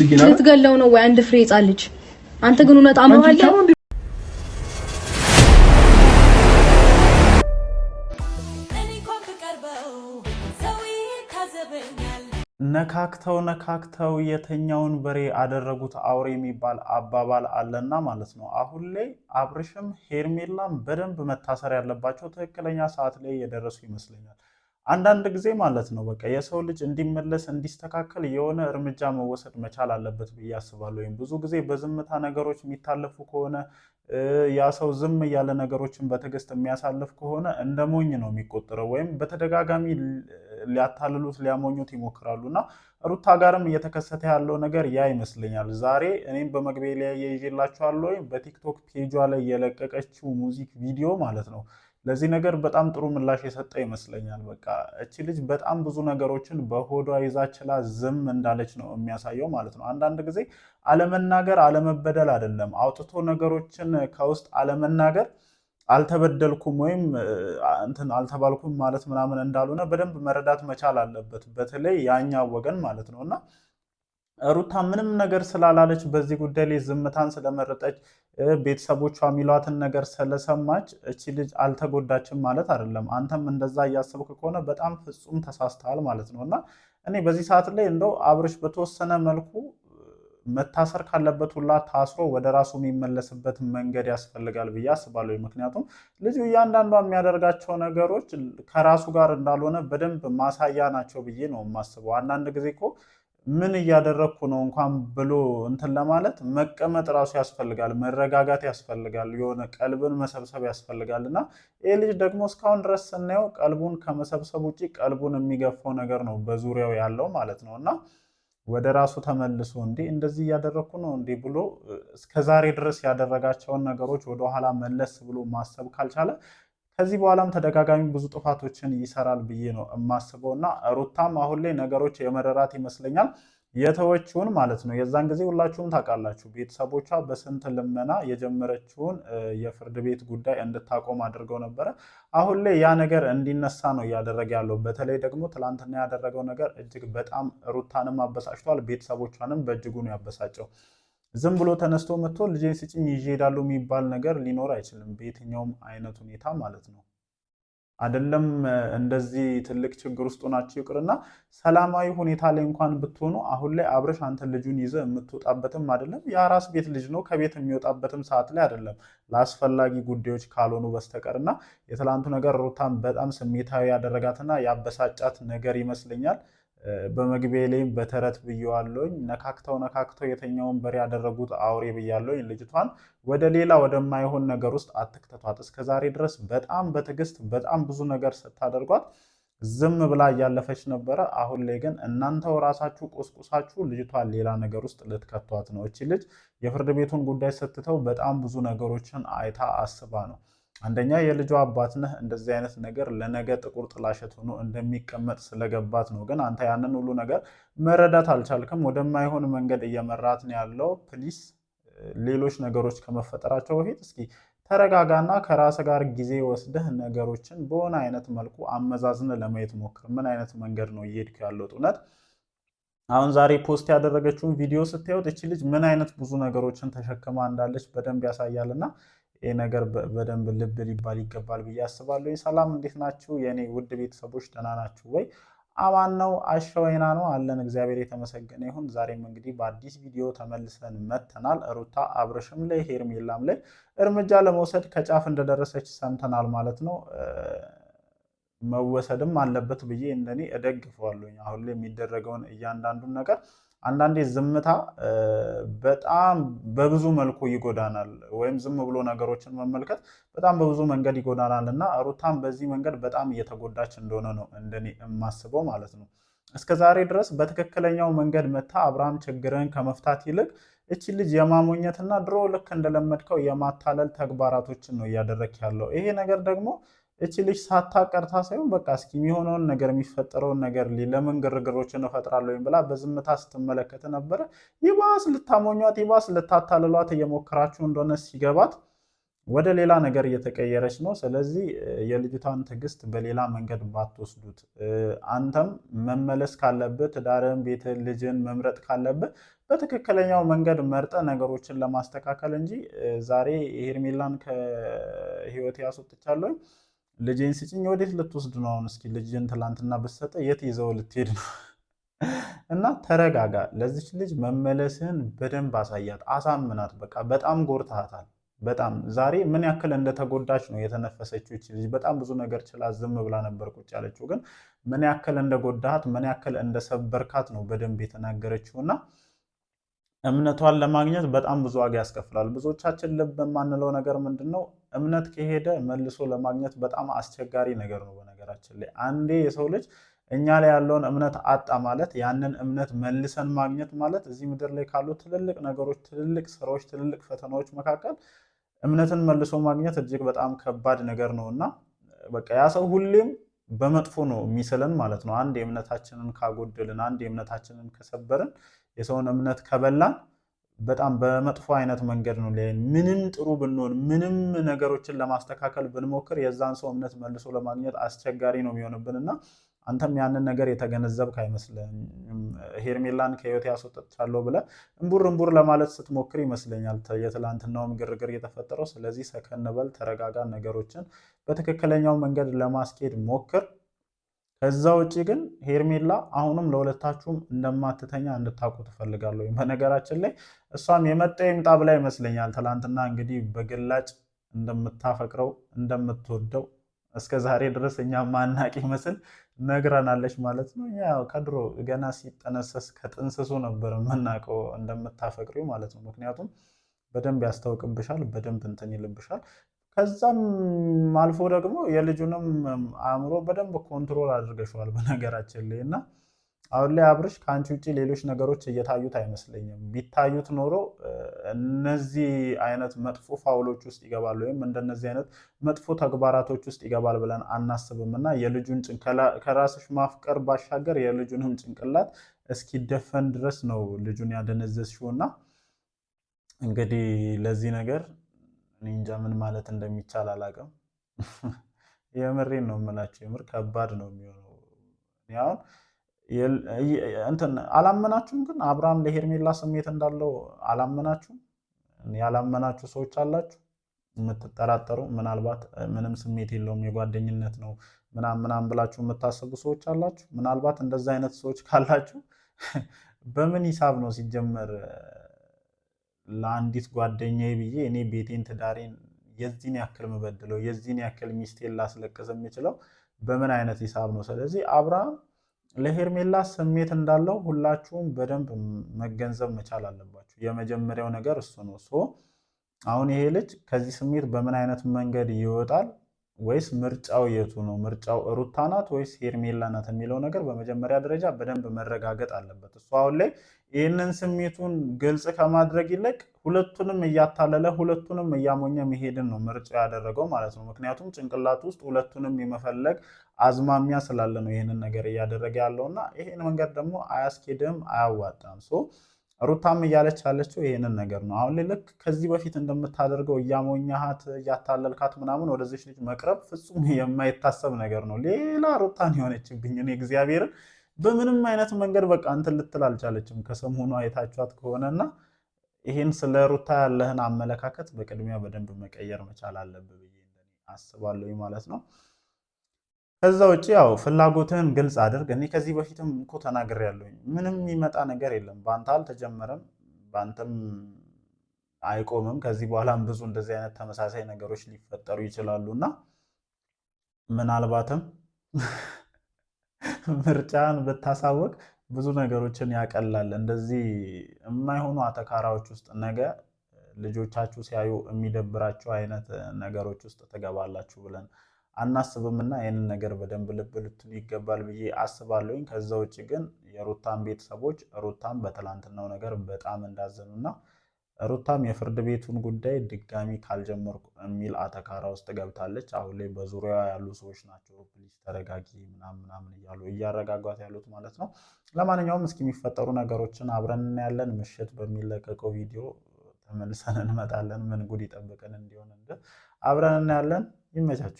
ልትገለው ነው ወይ? አንድ ፍሬ ህጻን ልጅ። አንተ ግን እውነት አማዋለ። ነካክተው ነካክተው የተኛውን በሬ አደረጉት አውሬ የሚባል አባባል አለና ማለት ነው። አሁን ላይ አብርሽም ሄርሜላም በደንብ መታሰር ያለባቸው ትክክለኛ ሰዓት ላይ የደረሱ ይመስለኛል። አንዳንድ ጊዜ ማለት ነው በቃ የሰው ልጅ እንዲመለስ እንዲስተካከል የሆነ እርምጃ መወሰድ መቻል አለበት ብዬ አስባለሁ። ወይም ብዙ ጊዜ በዝምታ ነገሮች የሚታለፉ ከሆነ ያ ሰው ዝም እያለ ነገሮችን በትዕግስት የሚያሳልፍ ከሆነ እንደ ሞኝ ነው የሚቆጠረው። ወይም በተደጋጋሚ ሊያታልሉት ሊያሞኙት ይሞክራሉ እና ሩታ ጋርም እየተከሰተ ያለው ነገር ያ ይመስለኛል። ዛሬ እኔም በመግቢያ ላይ ይዤላችኋለሁ በቲክቶክ ፔጇ ላይ የለቀቀችው ሙዚክ ቪዲዮ ማለት ነው ለዚህ ነገር በጣም ጥሩ ምላሽ የሰጠ ይመስለኛል። በቃ እቺ ልጅ በጣም ብዙ ነገሮችን በሆዷ ይዛ ችላ ዝም እንዳለች ነው የሚያሳየው ማለት ነው። አንዳንድ ጊዜ አለመናገር አለመበደል አይደለም፣ አውጥቶ ነገሮችን ከውስጥ አለመናገር አልተበደልኩም ወይም እንትን አልተባልኩም ማለት ምናምን እንዳልሆነ በደንብ መረዳት መቻል አለበት፣ በተለይ ያኛ ወገን ማለት ነው እና ሩታ ምንም ነገር ስላላለች በዚህ ጉዳይ ላይ ዝምታን ስለመረጠች ቤተሰቦቿ የሚሏትን ነገር ስለሰማች እቺ ልጅ አልተጎዳችም ማለት አይደለም። አንተም እንደዛ እያሰብክ ከሆነ በጣም ፍጹም ተሳስተሃል ማለት ነው። እና እኔ በዚህ ሰዓት ላይ እንደው አብርሽ በተወሰነ መልኩ መታሰር ካለበት ሁላ ታስሮ ወደ ራሱ የሚመለስበት መንገድ ያስፈልጋል ብዬ አስባለሁ። ምክንያቱም ልጁ እያንዳንዷ የሚያደርጋቸው ነገሮች ከራሱ ጋር እንዳልሆነ በደንብ ማሳያ ናቸው ብዬ ነው የማስበው። አንዳንድ ጊዜ እኮ ምን እያደረግኩ ነው እንኳን ብሎ እንትን ለማለት መቀመጥ ራሱ ያስፈልጋል፣ መረጋጋት ያስፈልጋል፣ የሆነ ቀልብን መሰብሰብ ያስፈልጋል። እና ይህ ልጅ ደግሞ እስካሁን ድረስ ስናየው ቀልቡን ከመሰብሰብ ውጭ ቀልቡን የሚገፋው ነገር ነው በዙሪያው ያለው ማለት ነው። እና ወደ ራሱ ተመልሶ እንዲህ እንደዚህ እያደረግኩ ነው እንዲህ ብሎ እስከዛሬ ድረስ ያደረጋቸውን ነገሮች ወደኋላ መለስ ብሎ ማሰብ ካልቻለ ከዚህ በኋላም ተደጋጋሚ ብዙ ጥፋቶችን ይሰራል ብዬ ነው የማስበው እና ሩታም አሁን ላይ ነገሮች የመረራት ይመስለኛል የተወችውን ማለት ነው። የዛን ጊዜ ሁላችሁም ታውቃላችሁ፣ ቤተሰቦቿ በስንት ልመና የጀመረችውን የፍርድ ቤት ጉዳይ እንድታቆም አድርገው ነበረ። አሁን ላይ ያ ነገር እንዲነሳ ነው እያደረገ ያለው። በተለይ ደግሞ ትላንትና ያደረገው ነገር እጅግ በጣም ሩታንም አበሳጭቷል፣ ቤተሰቦቿንም በእጅጉ ነው ያበሳጨው። ዝም ብሎ ተነስቶ መጥቶ ልጄን ስጭኝ ይዤ እሄዳለሁ የሚባል ነገር ሊኖር አይችልም፣ በየትኛውም አይነት ሁኔታ ማለት ነው። አይደለም እንደዚህ ትልቅ ችግር ውስጥ ሆናችሁ ይቅርና ሰላማዊ ሁኔታ ላይ እንኳን ብትሆኑ አሁን ላይ አብረሽ አንተ ልጁን ይዘ የምትወጣበትም አይደለም። የአራስ ቤት ልጅ ነው፣ ከቤት የሚወጣበትም ሰዓት ላይ አይደለም፣ ለአስፈላጊ ጉዳዮች ካልሆኑ በስተቀር እና የትላንቱ ነገር ሩታን በጣም ስሜታዊ ያደረጋትና ያበሳጫት ነገር ይመስለኛል። በመግቢያ ላይም በተረት ብየዋለኝ። ነካክተው ነካክተው የተኛውን በሬ ያደረጉት አውሬ ብያለኝ። ልጅቷን ወደ ሌላ ወደማይሆን ነገር ውስጥ አትክተቷት። እስከ ዛሬ ድረስ በጣም በትዕግስት በጣም ብዙ ነገር ስታደርጓት ዝም ብላ እያለፈች ነበረ። አሁን ላይ ግን እናንተው ራሳችሁ ቁስቁሳችሁ ልጅቷን ሌላ ነገር ውስጥ ልትከቷት ነው። እቺ ልጅ የፍርድ ቤቱን ጉዳይ ሰትተው በጣም ብዙ ነገሮችን አይታ አስባ ነው አንደኛ የልጇ አባት ነህ። እንደዚህ አይነት ነገር ለነገ ጥቁር ጥላሸት ሆኖ እንደሚቀመጥ ስለገባት ነው። ግን አንተ ያንን ሁሉ ነገር መረዳት አልቻልክም። ወደማይሆን መንገድ እየመራት ነው ያለው። ፕሊስ፣ ሌሎች ነገሮች ከመፈጠራቸው በፊት እስኪ ተረጋጋና ከራስ ጋር ጊዜ ወስደህ ነገሮችን በሆነ አይነት መልኩ አመዛዝነ ለማየት ሞክር። ምን አይነት መንገድ ነው እየሄድክ ያለው? እውነት አሁን ዛሬ ፖስት ያደረገችውን ቪዲዮ ስታዩት እቺ ልጅ ምን አይነት ብዙ ነገሮችን ተሸክማ እንዳለች በደንብ ያሳያልና ይህ ነገር በደንብ ልብ ሊባል ይገባል ብዬ አስባለሁ። ሰላም እንዴት ናችሁ የእኔ ውድ ቤተሰቦች? ደህና ናችሁ ወይ? አማን ነው አሸወይና ነው አለን። እግዚአብሔር የተመሰገነ ይሁን። ዛሬም እንግዲህ በአዲስ ቪዲዮ ተመልሰን መተናል። ሩታ አብርሽም ላይ ሄርሜላም ላይ እርምጃ ለመውሰድ ከጫፍ እንደደረሰች ሰምተናል ማለት ነው። መወሰድም አለበት ብዬ እንደኔ እደግፈዋለሁ። አሁን ላይ የሚደረገውን እያንዳንዱን ነገር አንዳንዴ ዝምታ በጣም በብዙ መልኩ ይጎዳናል፣ ወይም ዝም ብሎ ነገሮችን መመልከት በጣም በብዙ መንገድ ይጎዳናል እና ሩታም በዚህ መንገድ በጣም እየተጎዳች እንደሆነ ነው እንደኔ የማስበው ማለት ነው። እስከ ዛሬ ድረስ በትክክለኛው መንገድ መታ አብርሃም ችግርን ከመፍታት ይልቅ እቺ ልጅ የማሞኘትና ድሮ ልክ እንደለመድከው የማታለል ተግባራቶችን ነው እያደረክ ያለው። ይሄ ነገር ደግሞ እቺ ልጅ ሳታቀርታ ሳይሆን በቃ እስኪ የሚሆነውን ነገር የሚፈጠረውን ነገር ለምን ግርግሮችን እፈጥራለሁ ብላ በዝምታ ስትመለከት ነበረ። ይባስ ልታሞኟት፣ ይባስ ልታታልሏት እየሞከራችሁ እንደሆነ ሲገባት ወደ ሌላ ነገር እየተቀየረች ነው። ስለዚህ የልጅቷን ትዕግስት በሌላ መንገድ ባትወስዱት፣ አንተም መመለስ ካለብህ ትዳርን፣ ቤት ልጅን መምረጥ ካለብህ በትክክለኛው መንገድ መርጠ ነገሮችን ለማስተካከል እንጂ ዛሬ ሄርሜላን ከህይወት ያስወጥቻለሁ ልጄን ስጭኝ። ወዴት ልትወስድ ነው አሁን? እስኪ ልጅን ትላንትና ብሰጠ የት ይዘው ልትሄድ ነው? እና ተረጋጋ። ለዚች ልጅ መመለስህን በደንብ አሳያት፣ አሳምናት። በቃ በጣም ጎርታታል። በጣም ዛሬ ምን ያክል እንደተጎዳች ነው የተነፈሰችው ይች ልጅ። በጣም ብዙ ነገር ችላ ዝም ብላ ነበር ቁጭ ያለችው፣ ግን ምን ያክል እንደጎዳሃት ምን ያክል እንደሰበርካት ነው በደንብ የተናገረችውና እምነቷን ለማግኘት በጣም ብዙ ዋጋ ያስከፍላል። ብዙዎቻችን ልብ የማንለው ነገር ምንድን ነው? እምነት ከሄደ መልሶ ለማግኘት በጣም አስቸጋሪ ነገር ነው። በነገራችን ላይ አንዴ የሰው ልጅ እኛ ላይ ያለውን እምነት አጣ ማለት ያንን እምነት መልሰን ማግኘት ማለት እዚህ ምድር ላይ ካሉ ትልልቅ ነገሮች፣ ትልልቅ ስራዎች፣ ትልልቅ ፈተናዎች መካከል እምነትን መልሶ ማግኘት እጅግ በጣም ከባድ ነገር ነው እና በቃ ያ ሰው ሁሌም በመጥፎ ነው የሚስለን ማለት ነው። አንድ የእምነታችንን ካጎደልን፣ አንድ የእምነታችንን ከሰበርን፣ የሰውን እምነት ከበላን በጣም በመጥፎ አይነት መንገድ ነው ምንም ጥሩ ብንሆን ምንም ነገሮችን ለማስተካከል ብንሞክር የዛን ሰው እምነት መልሶ ለማግኘት አስቸጋሪ ነው እና አንተም ያንን ነገር የተገነዘብክ አይመስልም። ሄርሜላን ከህይወት ያስወጥቻለሁ ብለህ እምቡር እምቡር ለማለት ስትሞክር ይመስለኛል የትላንትናውም ግርግር የተፈጠረው። ስለዚህ ሰከን በል፣ ተረጋጋ፣ ነገሮችን በትክክለኛው መንገድ ለማስኬድ ሞክር። ከዛ ውጭ ግን ሄርሜላ አሁንም ለሁለታችሁም እንደማትተኛ እንድታውቁ ትፈልጋለሁ። በነገራችን ላይ እሷም የመጣ ይምጣ ብላ ይመስለኛል ትላንትና እንግዲህ በግላጭ እንደምታፈቅረው እንደምትወደው እስከ ዛሬ ድረስ እኛ ማናቂ መስል ነግራናለች ማለት ነው። ያው ከድሮ ገና ሲጠነሰስ ከጥንስሱ ነበር የምናውቀው እንደምታፈቅሪው ማለት ነው። ምክንያቱም በደንብ ያስታውቅብሻል፣ በደንብ እንትን ይልብሻል። ከዛም አልፎ ደግሞ የልጁንም አእምሮ በደንብ ኮንትሮል አድርገሸዋል በነገራችን ላይ እና አሁን ላይ አብርሽ ከአንቺ ውጭ ሌሎች ነገሮች እየታዩት አይመስለኝም። ቢታዩት ኖሮ እነዚህ አይነት መጥፎ ፋውሎች ውስጥ ይገባል ወይም እንደነዚህ አይነት መጥፎ ተግባራቶች ውስጥ ይገባል ብለን አናስብም እና የልጁን ከራስሽ ማፍቀር ባሻገር የልጁንም ጭንቅላት እስኪደፈን ድረስ ነው ልጁን ያደነዘዝሽው እና እንግዲህ ለዚህ ነገር እንጃ ምን ማለት እንደሚቻል አላቅም። የምሬን ነው የምላቸው። የምር ከባድ ነው የሚሆነው አሁን አላመናችሁም? ግን አብርሃም ለሄርሜላ ስሜት እንዳለው አላመናችሁም? ያላመናችሁ ሰዎች አላችሁ የምትጠራጠሩ ምናልባት ምንም ስሜት የለውም የጓደኝነት ነው ምናም ምናም ብላችሁ የምታስቡ ሰዎች አላችሁ። ምናልባት እንደዛ አይነት ሰዎች ካላችሁ በምን ሂሳብ ነው ሲጀመር ለአንዲት ጓደኛ ብዬ እኔ ቤቴን፣ ትዳሬን የዚህን ያክል ምበድለው የዚህን ያክል ሚስቴን ላስለቅስ የምችለው በምን አይነት ሂሳብ ነው? ስለዚህ አብርሃም ለሄርሜላ ስሜት እንዳለው ሁላችሁም በደንብ መገንዘብ መቻል አለባችሁ። የመጀመሪያው ነገር እሱ ነው። ሶ አሁን ይሄ ልጅ ከዚህ ስሜት በምን አይነት መንገድ ይወጣል ወይስ ምርጫው የቱ ነው? ምርጫው ሩታ ናት ወይስ ሄርሜላ ናት የሚለው ነገር በመጀመሪያ ደረጃ በደንብ መረጋገጥ አለበት። እሱ አሁን ላይ ይህንን ስሜቱን ግልጽ ከማድረግ ይልቅ ሁለቱንም እያታለለ ሁለቱንም እያሞኘ መሄድን ነው ምርጫው ያደረገው ማለት ነው። ምክንያቱም ጭንቅላት ውስጥ ሁለቱንም የመፈለግ አዝማሚያ ስላለ ነው ይህንን ነገር እያደረገ እና ይህን መንገድ ደግሞ አያስኬድም፣ አያዋጣም። ሩታም እያለች ያለችው ይሄንን ነገር ነው። አሁን ልክ ከዚህ በፊት እንደምታደርገው እያሞኛሃት እያታለልካት ምናምን ወደዚች ልጅ መቅረብ ፍጹም የማይታሰብ ነገር ነው። ሌላ ሩታን የሆነችብኝ እኔ እግዚአብሔርን በምንም አይነት መንገድ በቃ እንትን ልትል አልቻለችም። ከሰሞኑ አይታችኋት ከሆነና ይህን ስለ ሩታ ያለህን አመለካከት በቅድሚያ በደንብ መቀየር መቻል አለብህ ብዬ አስባለሁ ማለት ነው። ከዛ ውጭ ያው ፍላጎትህን ግልጽ አድርግ። እኔ ከዚህ በፊትም እኮ ያለሁኝ ምንም የሚመጣ ነገር የለም። በአንተ አልተጀመረም፣ በአንተም አይቆምም። ከዚህ በኋላም ብዙ እንደዚህ አይነት ተመሳሳይ ነገሮች ሊፈጠሩ ይችላሉ እና ምናልባትም ምርጫን ብታሳወቅ ብዙ ነገሮችን ያቀላል። እንደዚህ የማይሆኑ አተካራዎች ውስጥ ነገ ልጆቻችሁ ሲያዩ የሚደብራችሁ አይነት ነገሮች ውስጥ ትገባላችሁ ብለን አናስብምና ይህንን ነገር በደንብ ልብ ልትሉ ይገባል ብዬ አስባለሁኝ። ከዛ ውጭ ግን የሩታን ቤተሰቦች ሩታን በትላንትናው ነገር በጣም እንዳዘኑና ሩታም የፍርድ ቤቱን ጉዳይ ድጋሚ ካልጀመርኩ የሚል አተካራ ውስጥ ገብታለች። አሁን ላይ በዙሪያ ያሉ ሰዎች ናቸው ፕሊዝ ተረጋጊ ምናምን ምናምን እያሉ እያረጋጓት ያሉት ማለት ነው። ለማንኛውም እስኪ የሚፈጠሩ ነገሮችን አብረን እናያለን። ምሽት በሚለቀቀው ቪዲዮ ተመልሰን እንመጣለን። ምን ጉድ ይጠብቀን እንዲሆን እንደ አብረን እናያለን። ይመቻችሁ።